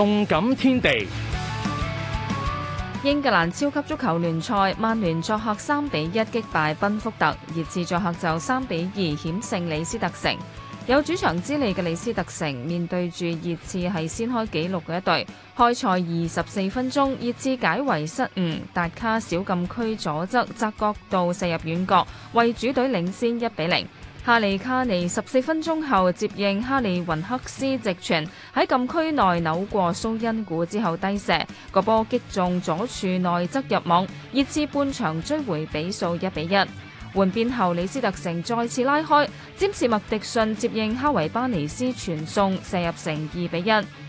動感天地，英格蘭超級足球聯賽，曼聯作客三比一擊敗賓福特，熱刺作客就三比二險勝李斯特城。有主場之利嘅李斯特城，面對住熱刺係先開紀錄嘅一隊，開賽二十四分鐘，熱刺解圍失誤，達卡小禁區左側窄角度射入遠角，為主隊領先一比零。哈利卡尼十四分鐘後接應哈利雲克斯直傳，喺禁區內扭過蘇恩古之後低射，個波擊中左柱內側入網，熱刺半場追回比數一比一。換邊後，李斯特城再次拉開，詹士麥迪遜接應哈維巴尼斯傳送射入成二比一。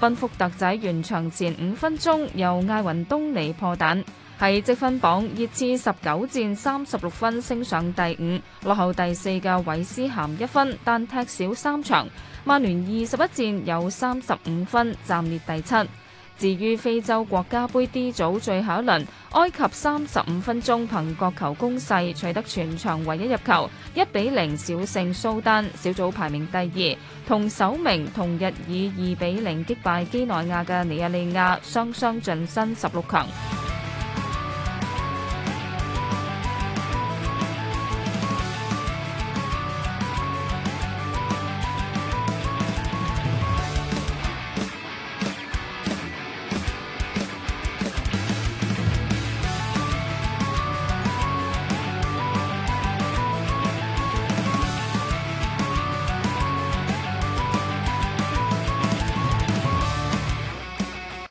賓福特仔完場前五分鐘由艾雲東尼破蛋，喺積分榜熱刺十九戰三十六分升上第五，落後第四嘅韋斯咸一分，但踢少三場。曼聯二十一戰有三十五分，暫列第七。至於非洲國家杯 D 組最後一輪，埃及三十五分鐘憑角球攻勢取得全場唯一入球，一比零小勝蘇丹，小組排名第二，同首名同日以二比零擊敗幾內亞嘅尼日利亞雙雙晉身十六強。